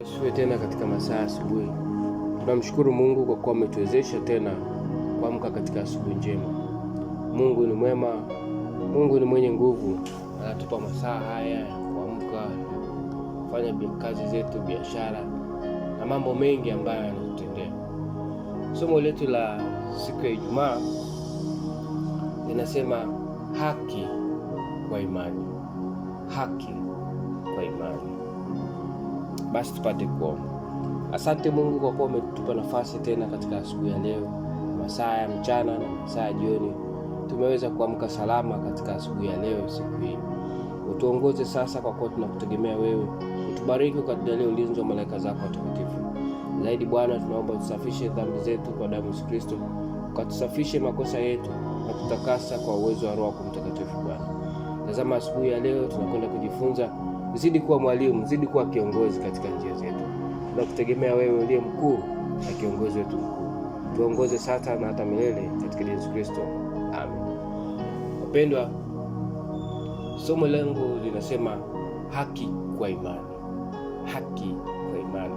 Tusiwe tena katika masaa asubuhi. Tunamshukuru Mungu kwa kuwa ametuwezesha tena kuamka katika asubuhi njema. Mungu ni mwema, Mungu ni mwenye nguvu, anatupa masaa haya kuamka, kufanya kazi zetu, biashara na mambo mengi ambayo yanatutendea. Somo letu la siku ya Ijumaa linasema haki kwa imani, haki basi tupate kuomba. Asante Mungu kwa kuwa umetupa nafasi tena katika asubuhi ya leo, masaa ya mchana na masaa ya jioni, tumeweza kuamka salama katika asubuhi ya leo. Siku hii utuongoze sasa, kwa kuwa tunakutegemea wewe. Utubariki ukatujalia ulinzi wa malaika zako watakatifu. Zaidi Bwana, tunaomba utusafishe dhambi zetu kwa damu ya Kristo, ukatusafishe makosa yetu na kutakasa kwa uwezo wa Roho Mtakatifu. Bwana, tazama asubuhi ya leo tunakwenda kujifunza Zidi kuwa mwalimu, zidi kuwa kiongozi katika njia zetu. Tunakutegemea wewe uliye mkuu na kiongozi wetu mkuu. Tuongoze sasa na hata milele katika Yesu Kristo, amen. Wapendwa, somo langu linasema haki kwa imani, haki kwa imani.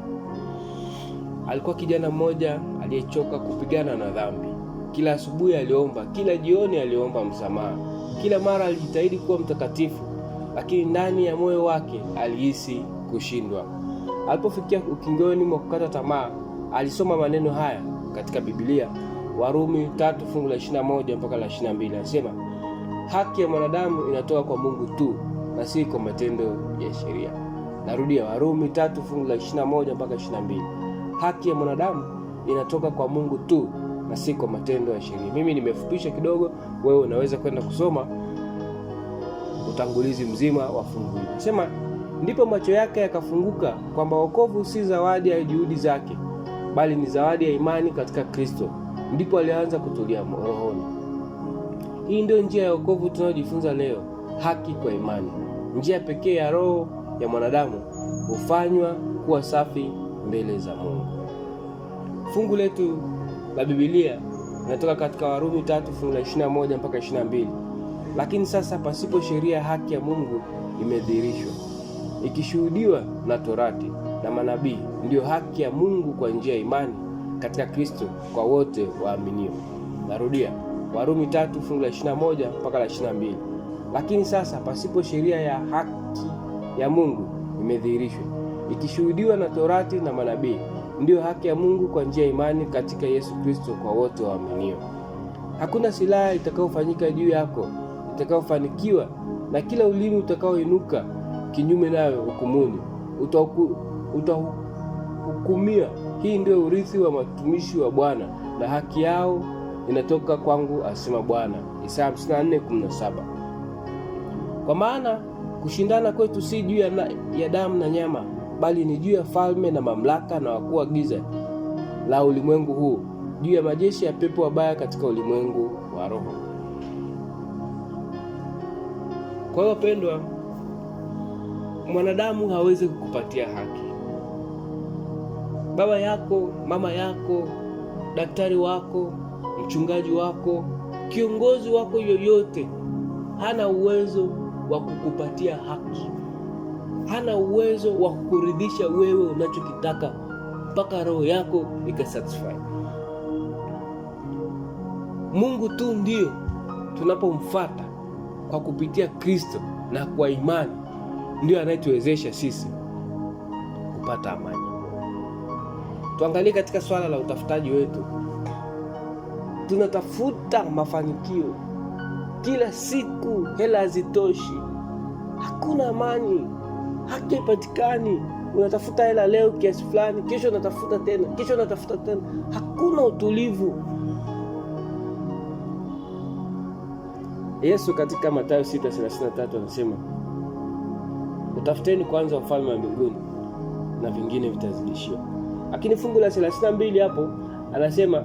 Alikuwa kijana mmoja aliyechoka kupigana na dhambi. Kila asubuhi aliomba, kila jioni aliomba msamaha, kila mara alijitahidi kuwa mtakatifu lakini ndani ya moyo wake alihisi kushindwa. Alipofikia ukingoni mwa kukata tamaa, alisoma maneno haya katika Biblia, Warumi tatu fungu la ishirini mpaka la anasema haki ya mwanadamu inatoka kwa Mungu tu na si kwa matendo ya sheria. Narudia, Warumi tatu fungu la ishirini mpaka 22, haki ya mwanadamu inatoka kwa Mungu tu na si kwa matendo ya sheria. Mimi nimefupisha kidogo, wewe unaweza kwenda kusoma utangulizi mzima wa fungu hili. Sema ndipo macho yake yakafunguka kwamba wokovu si zawadi ya juhudi zake, bali ni zawadi ya imani katika Kristo. Ndipo alianza kutulia rohoni. Hii ndio njia ya wokovu tunayojifunza leo, haki kwa imani. Njia pekee ya roho ya mwanadamu hufanywa kuwa safi mbele za Mungu. Fungu letu la Biblia linatoka katika Warumi tatu fungu la 21 mpaka 22 lakini sasa pasipo sheria ya haki ya Mungu imedhihirishwa, ikishuhudiwa na Torati na manabii, ndiyo haki ya Mungu kwa njia ya imani katika Kristo kwa wote waaminio. Narudia, Warumi tatu fungu la 21 mpaka la 22. Lakini sasa pasipo sheria ya haki ya Mungu imedhihirishwa, ikishuhudiwa na Torati na manabii, ndiyo haki ya Mungu kwa njia ya imani katika Yesu Kristo kwa wote waaminio. Hakuna silaha itakayofanyika juu yako utakaofanikiwa na kila ulimi utakaoinuka kinyume nayo hukumuni utahukumia. Hii ndio urithi wa watumishi wa Bwana, na haki yao inatoka kwangu, asema Bwana. Isaya 54:17. Kwa maana kushindana kwetu si juu ya, ya damu na nyama, bali ni juu ya falme na mamlaka na wakuu wa giza la ulimwengu huu, juu ya majeshi ya pepo wabaya katika ulimwengu wa roho. Kwa hiyo wapendwa, mwanadamu hawezi kukupatia haki. Baba yako, mama yako, daktari wako, mchungaji wako, kiongozi wako yoyote hana uwezo wa kukupatia haki, hana uwezo wa kukuridhisha wewe unachokitaka mpaka roho yako ikasatisfy. Mungu tu ndio tunapomfuata kwa kupitia Kristo na kwa imani ndiyo anayetuwezesha sisi kupata amani. Tuangalie katika swala la utafutaji wetu, tunatafuta mafanikio kila siku, hela hazitoshi, hakuna amani, haki haipatikani. Unatafuta hela leo kiasi fulani, kesho unatafuta tena, kesho unatafuta tena, hakuna utulivu. Yesu katika Mathayo 6:33 anasema utafuteni kwanza ufalme wa mbinguni na vingine vitazidishiwa. Lakini fungu la 32 hapo anasema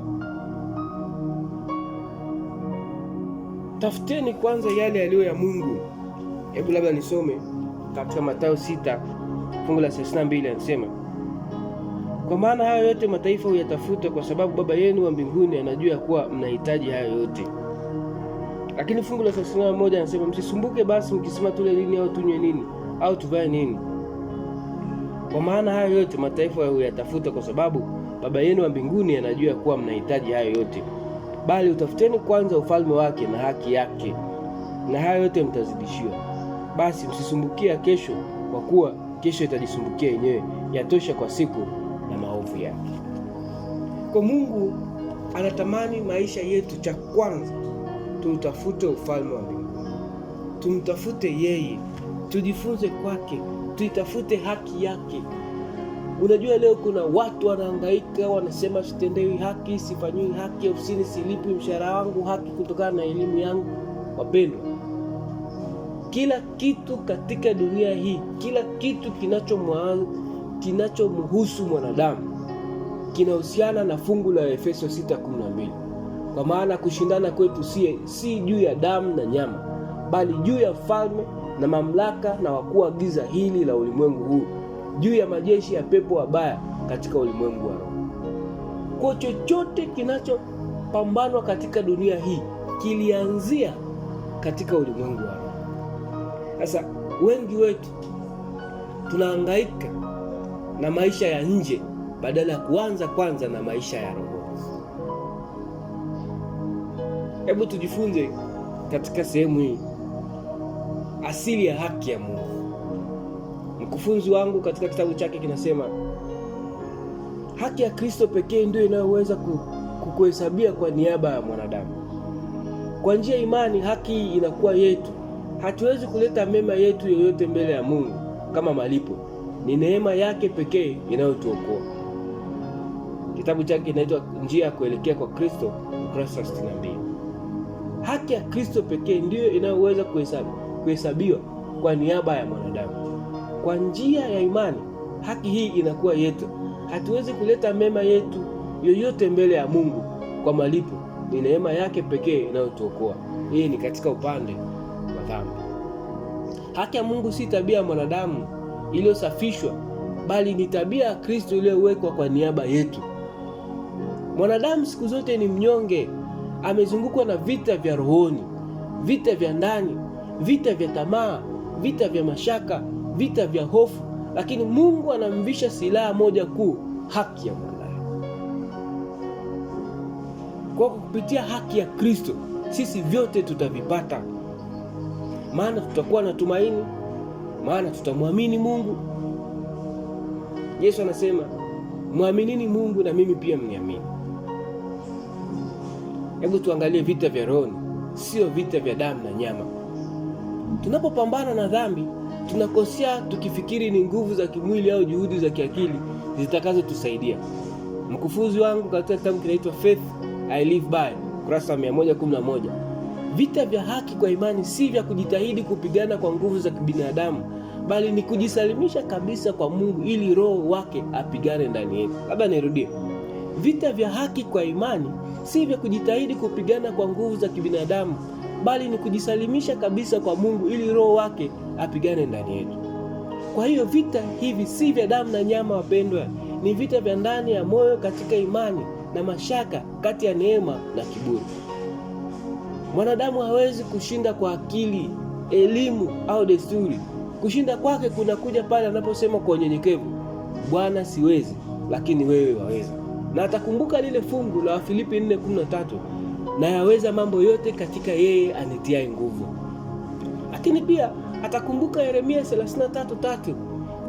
tafuteni kwanza yale yaliyo ya Mungu. Hebu labda nisome katika Mathayo 6 fungu la 32, anasema kwa maana hayo yote mataifa huyatafuta, kwa sababu Baba yenu wa mbinguni anajua kuwa mnahitaji hayo yote. Lakini fungu la thelathini na moja anasema msisumbuke basi mkisema tule nini au tunywe nini au tuvae nini, kwa maana hayo yote mataifa huyatafuta, kwa sababu Baba yenu wa mbinguni anajua kuwa mnahitaji hayo yote. Bali utafuteni kwanza ufalme wake na haki yake, na hayo yote mtazidishiwa. Basi msisumbukia kesho, kwa kuwa kesho itajisumbukia yenyewe, yatosha kwa siku na maovu yake. Kwa Mungu anatamani maisha yetu, cha kwanza tumtafute ufalme wa mbinguni, tumtafute yeye, tujifunze kwake, tuitafute haki yake. Unajua, leo kuna watu wanahangaika, wanasema sitendewi haki, sifanyiwi haki ofisini, silipi mshahara wangu haki kutokana na elimu yangu. Wapendwa, kila kitu katika dunia hii, kila kitu kinachomhusu mwanadamu kinahusiana na fungu la Efeso 6:12. Kwa maana kushindana kwetu si, si juu ya damu na nyama, bali juu ya falme na mamlaka na wakuu wa giza hili la ulimwengu huu, juu ya majeshi ya pepo wabaya katika ulimwengu wa roho. Kwa chochote kinachopambanwa katika dunia hii kilianzia katika ulimwengu wa roho. Sasa wengi wetu tunahangaika na maisha ya nje badala ya kuanza kwanza na maisha ya roho. Hebu tujifunze katika sehemu hii asili ya haki ya Mungu. Mkufunzi wangu katika kitabu chake kinasema haki ya Kristo pekee ndio inayoweza kukuhesabia kwa niaba ya mwanadamu. Kwa njia ya imani, haki inakuwa yetu. Hatuwezi kuleta mema yetu yoyote mbele ya Mungu kama malipo. Ni neema yake pekee inayotuokoa. Kitabu chake kinaitwa Njia ya Kuelekea kwa Kristo, ukurasa 62. Haki ya Kristo pekee ndiyo inayoweza kuhesabiwa kwa niaba ya mwanadamu. Kwa njia ya imani, haki hii inakuwa yetu. Hatuwezi kuleta mema yetu yoyote mbele ya Mungu kwa malipo. Ni neema yake pekee inayotuokoa. Hii ni katika upande wa dhambi. Haki ya Mungu si tabia ya mwanadamu iliyosafishwa, bali ni tabia ya Kristo iliyowekwa kwa niaba yetu. Mwanadamu siku zote ni mnyonge amezungukwa na vita vya rohoni, vita vya ndani, vita vya tamaa, vita vya mashaka, vita vya hofu, lakini Mungu anamvisha silaha moja kuu, haki ya mwanadamu. Kwa kupitia haki ya Kristo sisi vyote tutavipata, maana tutakuwa na tumaini, maana tutamwamini Mungu. Yesu anasema mwaminini Mungu na mimi pia mniamini. Hebu tuangalie vita vya rohoni, sio vita vya damu na nyama. Tunapopambana na dhambi, tunakosea tukifikiri ni nguvu za kimwili au juhudi za kiakili zitakazotusaidia. mkufuzi wangu katika kitabu kinaitwa Faith I Live By, kurasa 111, vita vya haki kwa imani si vya kujitahidi kupigana kwa nguvu za kibinadamu, bali ni kujisalimisha kabisa kwa Mungu ili roho wake apigane ndani yetu. Labda nirudie. Vita vya haki kwa imani si vya kujitahidi kupigana kwa nguvu za kibinadamu, bali ni kujisalimisha kabisa kwa Mungu ili Roho wake apigane ndani yetu. Kwa hiyo vita hivi si vya damu na nyama, wapendwa, ni vita vya ndani ya moyo katika imani na mashaka, kati ya neema na kiburi. Mwanadamu hawezi kushinda kwa akili, elimu au desturi. Kushinda kwake kunakuja pale anaposema kwa unyenyekevu, Bwana, siwezi, lakini wewe waweza na atakumbuka lile fungu la Wafilipi 4:13 na yaweza mambo yote katika yeye anitiaye nguvu. Lakini pia atakumbuka Yeremia 33:3,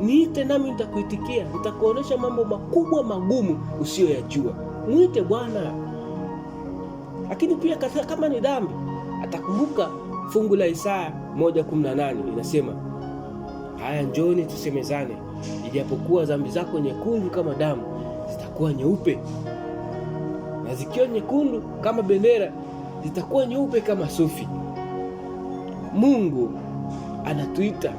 niite nami nitakuitikia, nitakuonesha mambo makubwa magumu usiyoyajua. Mwite Bwana. Lakini pia kama ni dhambi, atakumbuka fungu la Isaya 1:18 linasema, haya, njoni tusemezane, ijapokuwa dhambi zako nyekundu kama damu zitakuwa nyeupe, na zikiwa nyekundu kama bendera zitakuwa nyeupe kama sufi. Mungu anatuita,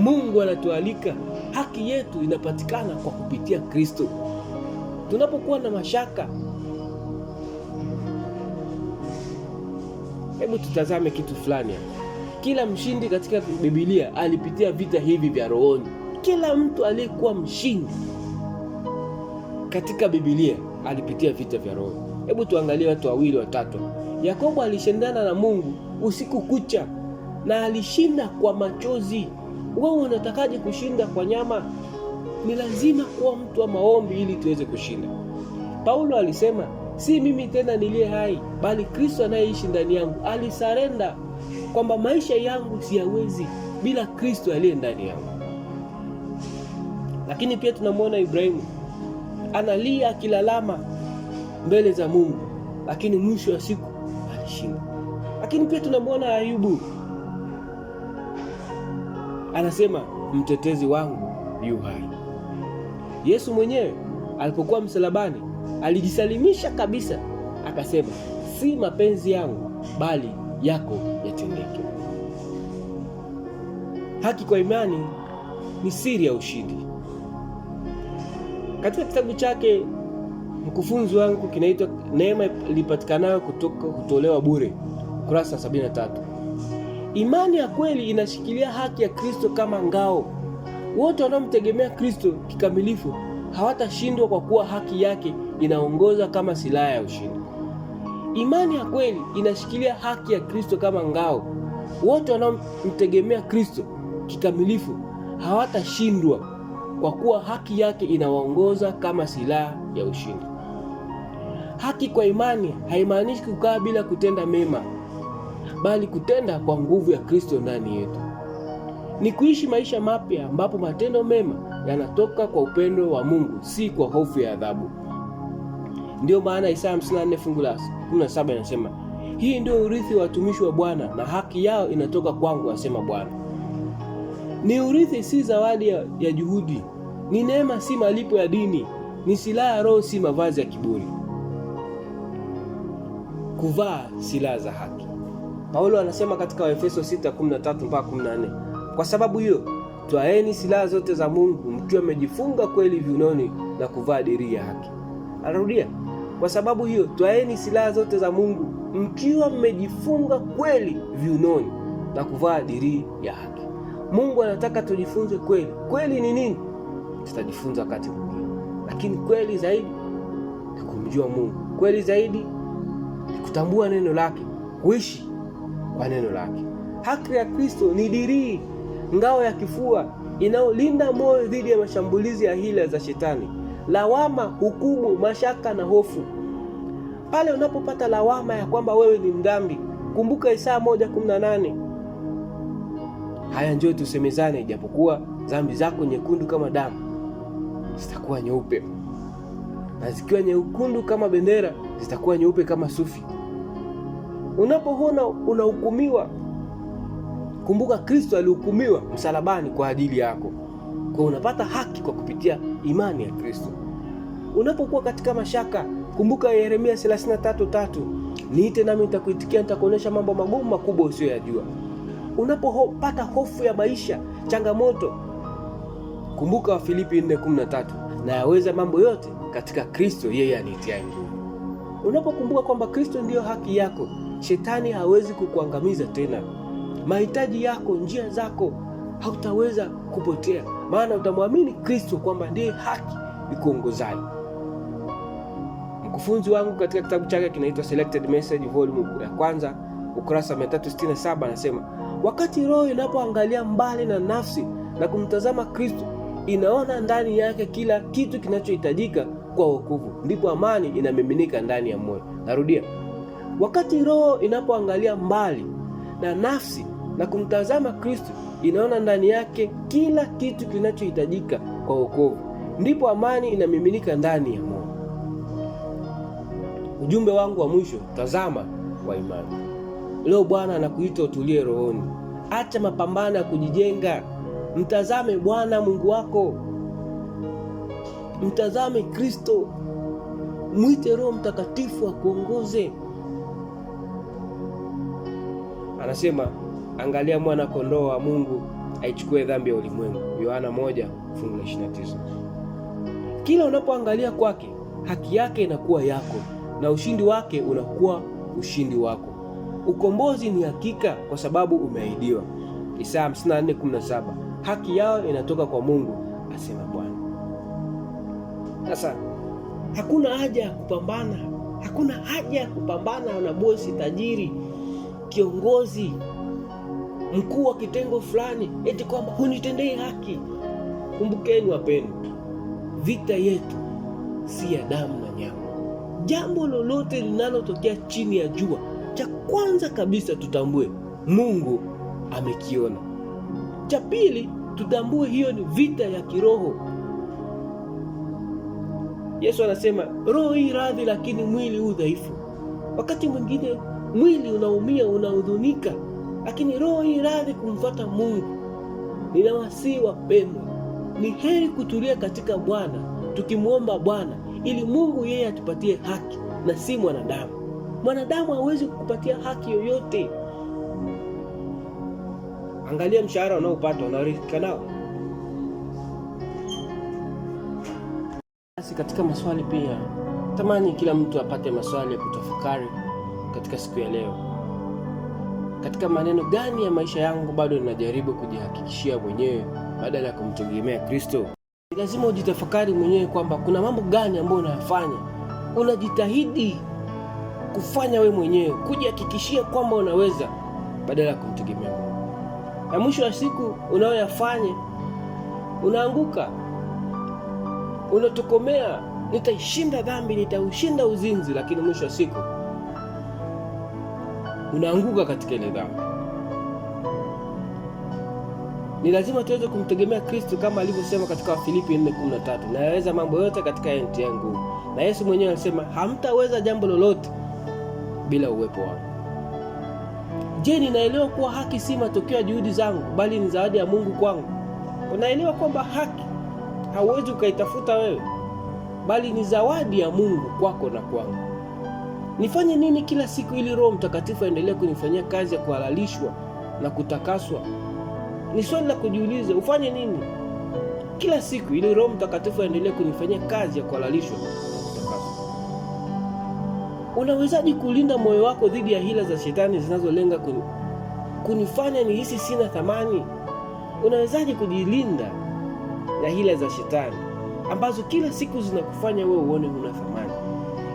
Mungu anatualika. Haki yetu inapatikana kwa kupitia Kristo. Tunapokuwa na mashaka, hebu tutazame kitu fulani Kila mshindi katika Biblia alipitia vita hivi vya rohoni. Kila mtu aliyekuwa mshindi katika Biblia alipitia vita vya roho. Hebu tuangalie watu wawili watatu. Yakobo alishindana na Mungu usiku kucha na alishinda kwa machozi. Wewe unatakaje kushinda kwa nyama? Ni lazima kuwa mtu wa maombi ili tuweze kushinda. Paulo alisema si mimi tena niliye hai, bali Kristo anayeishi ndani yangu. Alisarenda kwamba maisha yangu siyawezi bila Kristo aliye ndani yangu. Lakini pia tunamwona Ibrahimu analia akilalama mbele za Mungu, lakini mwisho wa siku alishinda Lakini pia tunamwona Ayubu anasema mtetezi wangu yu hai. Yesu mwenyewe alipokuwa msalabani alijisalimisha kabisa, akasema si mapenzi yangu bali yako yatendeke. Haki kwa imani ni siri ya ushindi. Katika kitabu chake mkufunzi wangu kinaitwa Neema Ilipatikanayo Kutoka Kutolewa Bure, kurasa 73. Imani ya kweli inashikilia haki ya Kristo kama ngao. Wote wanaomtegemea Kristo kikamilifu hawatashindwa kwa kuwa haki yake inaongoza kama silaha ya ushindi. Imani ya kweli inashikilia haki ya Kristo kama ngao. Wote wanaomtegemea Kristo kikamilifu hawatashindwa kwa kuwa haki yake inawaongoza kama silaha ya ushindi. Haki kwa imani haimaanishi kukaa bila kutenda mema, bali kutenda kwa nguvu ya Kristo ndani yetu. Ni kuishi maisha mapya ambapo matendo mema yanatoka kwa upendo wa Mungu, si kwa hofu ya adhabu. Ndiyo maana Isaya 54 fungu la 17 inasema, hii ndio urithi wa watumishi wa Bwana na haki yao inatoka kwangu, asema Bwana. Ni urithi, si zawadi ya, ya juhudi, ni neema, si malipo ya dini. Ni silaha ya Roho, si mavazi ya kiburi. Kuvaa silaha za haki. Paulo anasema katika Waefeso 6:13 mpaka 14, kwa sababu hiyo twaeni silaha zote za Mungu, mkiwa mmejifunga kweli viunoni na kuvaa dirii ya haki. Anarudia, kwa sababu hiyo twaeni silaha zote za Mungu, mkiwa mmejifunga kweli viunoni na kuvaa dirii ya haki. Mungu anataka tujifunze kweli. Kweli ni nini? tutajifunza wakati mwingine, lakini kweli zaidi ni kumjua Mungu, kweli zaidi ni kutambua neno lake, kuishi kwa neno lake. Haki ya Kristo ni dirii, ngao ya kifua inayolinda moyo dhidi ya mashambulizi ya hila za Shetani. Lawama, hukumu, mashaka na hofu. Pale unapopata lawama ya kwamba wewe ni mdhambi, kumbuka Isaya 1:18 haya, njoo tusemezane, ijapokuwa dhambi zako nyekundu kama damu zitakuwa nyeupe, na zikiwa nyekundu kama bendera zitakuwa nyeupe kama sufi. Unapoona unahukumiwa, kumbuka Kristo alihukumiwa msalabani kwa ajili yako, kwa unapata haki kwa kupitia imani ya Kristo. Unapokuwa katika mashaka, kumbuka Yeremia 33:3, niite nami nitakuitikia, nitakuonyesha mambo magumu makubwa usiyoyajua. Unapopata hofu ya maisha, changamoto Kumbuka wafilipi 4:13, na yaweza mambo yote katika Kristo yeye anitia nguvu. Unapokumbuka kwamba Kristo ndiyo haki yako, shetani hawezi kukuangamiza tena. Mahitaji yako, njia zako, hautaweza kupotea, maana utamwamini Kristo kwamba ndiye haki ikuongozayo. Mkufunzi wangu katika kitabu chake kinaitwa Selected Message volume ya kwanza ukurasa 367 anasema, wakati roho inapoangalia mbali na nafsi na kumtazama Kristo inaona ndani yake kila kitu kinachohitajika kwa wokovu, ndipo amani inamiminika ndani ya moyo. Narudia, wakati roho inapoangalia mbali na nafsi na kumtazama Kristo, inaona ndani yake kila kitu kinachohitajika kwa wokovu, ndipo amani inamiminika ndani ya moyo. Ujumbe wangu wa mwisho, tazama kwa imani. Leo Bwana anakuita utulie rohoni, acha mapambano ya kujijenga Mtazame Bwana Mungu wako, mtazame Kristo, mwite Roho Mtakatifu akuongoze. Anasema, angalia mwana kondoo wa Mungu aichukue dhambi ya ulimwengu, Yohana 1 fungu la 29. Kila unapoangalia kwake, haki yake inakuwa yako na ushindi wake unakuwa ushindi wako. Ukombozi ni hakika kwa sababu umeahidiwa. Isaya 54:17 haki yao inatoka kwa Mungu, asema Bwana. Sasa hakuna haja ya kupambana, hakuna haja ya kupambana na bosi tajiri, kiongozi mkuu wa kitengo fulani, eti kwamba hunitendei haki. Kumbukeni wapendwa, vita yetu si ya damu na nyama. Jambo lolote linalotokea chini ya jua, cha kwanza kabisa tutambue Mungu amekiona. Cha pili, tutambue hiyo ni vita ya kiroho. Yesu anasema roho hii radhi, lakini mwili huu dhaifu. Wakati mwingine mwili unaumia, unaudhunika, lakini roho hii radhi kumfuata Mungu. ninawasii wapendwa, ni heri kutulia katika Bwana tukimwomba Bwana ili Mungu yeye atupatie haki na si mwanadamu. Mwanadamu hawezi kukupatia haki yoyote. Angalia mshahara unaopata unaridhika nao? Basi katika maswali pia tamani kila mtu apate maswali ya kutafakari katika siku ya leo. Katika maneno gani ya maisha yangu bado ninajaribu kujihakikishia mwenyewe badala ya kumtegemea Kristo? Ni lazima ujitafakari mwenyewe kwamba kuna mambo gani ambayo unayafanya, unajitahidi kufanya we mwenyewe kujihakikishia kwamba unaweza badala ya kumtegemea na mwisho wa siku unayoyafanya unaanguka, unatokomea. Nitaishinda dhambi, nitaushinda uzinzi, lakini mwisho wa siku unaanguka katika ile dhambi. Ni lazima tuweze kumtegemea Kristo kama alivyosema katika Wafilipi 4:13, nayaweza mambo yote katika yeye anitiaye nguvu. Na Yesu mwenyewe alisema hamtaweza jambo lolote bila uwepo wangu. Je, ninaelewa kuwa haki si matokeo ya juhudi zangu, bali ni zawadi ya Mungu kwangu? Unaelewa kwamba haki hauwezi ukaitafuta wewe, bali ni zawadi ya Mungu kwako na kwangu. Nifanye nini kila siku ili Roho Mtakatifu aendelee kunifanyia kazi ya kuhalalishwa na kutakaswa? Ni swali la kujiuliza. Ufanye nini kila siku ili Roho Mtakatifu aendelee kunifanyia kazi ya kuhalalishwa unawezaji kulinda moyo wako dhidi ya hila za shetani zinazolenga kunifanya nihisi sina thamani? unawezaji kujilinda na hila za shetani ambazo kila siku zinakufanya wewe uone huna thamani?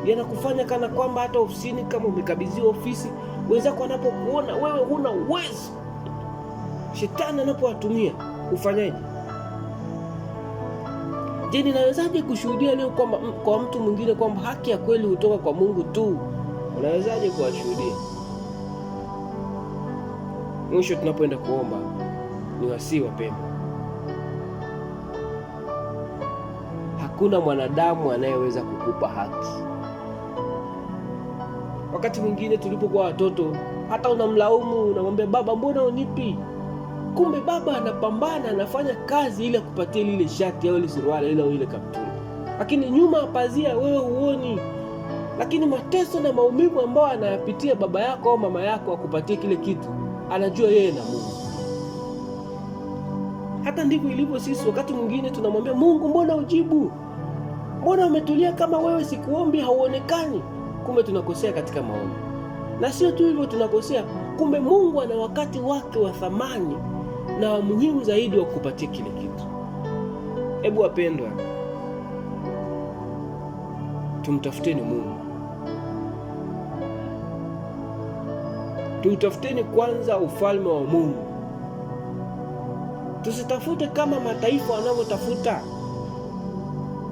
Yanakufanya kana kwamba hata ofisini, kama umekabidhiwa ofisi, wenzako wanapokuona wewe huna uwezo, shetani anapowatumia ufanyaje? Je, ninawezaje kushuhudia leo kwamba kwa mtu mwingine kwamba haki ya kweli hutoka kwa Mungu tu? Unawezaje kuwashuhudia? Mwisho tunapoenda kuomba ni wasii wapema hakuna mwanadamu anayeweza kukupa haki. Wakati mwingine tulipokuwa watoto, hata unamlaumu unamwambia, baba, mbona unipi kumbe baba anapambana, anafanya kazi ili akupatie lile shati au ile suruali au ile kaptura, lakini nyuma apazia pazia wewe huoni. Lakini mateso na maumivu ambayo anayapitia baba yako au mama yako akupatie kile kitu, anajua yeye na Mungu. Hata ndivyo ilivyo sisi, wakati mwingine tunamwambia Mungu, mbona ujibu? Mbona umetulia kama wewe sikuombi, hauonekani? Kumbe tunakosea katika maombi, na sio tu hivyo tunakosea, kumbe Mungu ana wakati wake wa thamani na muhimu zaidi wa kupatia kile kitu. Hebu wapendwa, tumtafuteni Mungu, tumtafuteni kwanza ufalme wa Mungu, tusitafute kama mataifa wanavyotafuta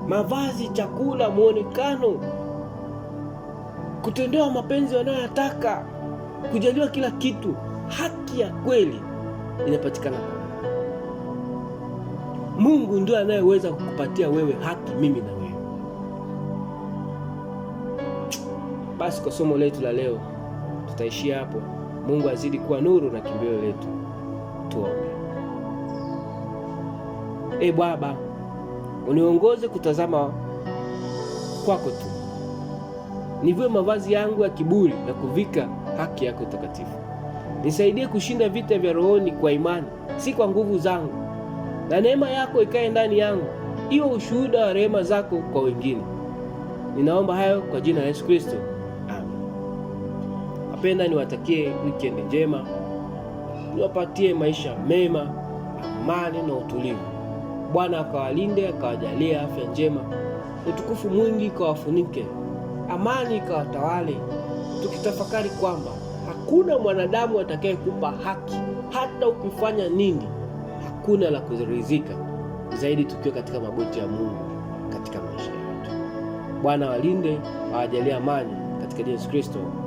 mavazi, chakula, mwonekano, kutendewa mapenzi wanayoyataka, kujaliwa kila kitu. Haki ya kweli inapatikana Mungu ndio anayeweza kukupatia wewe haki, mimi na wewe. Basi kwa somo letu la leo tutaishia hapo. Mungu azidi kuwa nuru na kimbilio letu. Tuombe. E Baba, uniongoze kutazama kwako tu, nivue mavazi yangu ya kiburi na kuvika haki yako takatifu. Nisaidie kushinda vita vya rohoni kwa imani, si kwa nguvu zangu, na neema yako ikae ndani yangu, iwe ushuhuda wa rehema zako kwa wengine. Ninaomba hayo kwa jina la Yesu Kristo, amen. napenda niwatakie wikendi njema, niwapatie maisha mema, amani na utulivu. Bwana akawalinde, akawajalie afya njema, utukufu mwingi kawafunike, amani ikawatawale, tukitafakari kwamba hakuna mwanadamu atakayekupa haki, hata ukifanya nini, hakuna la kuridhika zaidi tukiwa katika magoti ya Mungu katika maisha yetu. Bwana walinde, awajalie amani katika Yesu Kristo.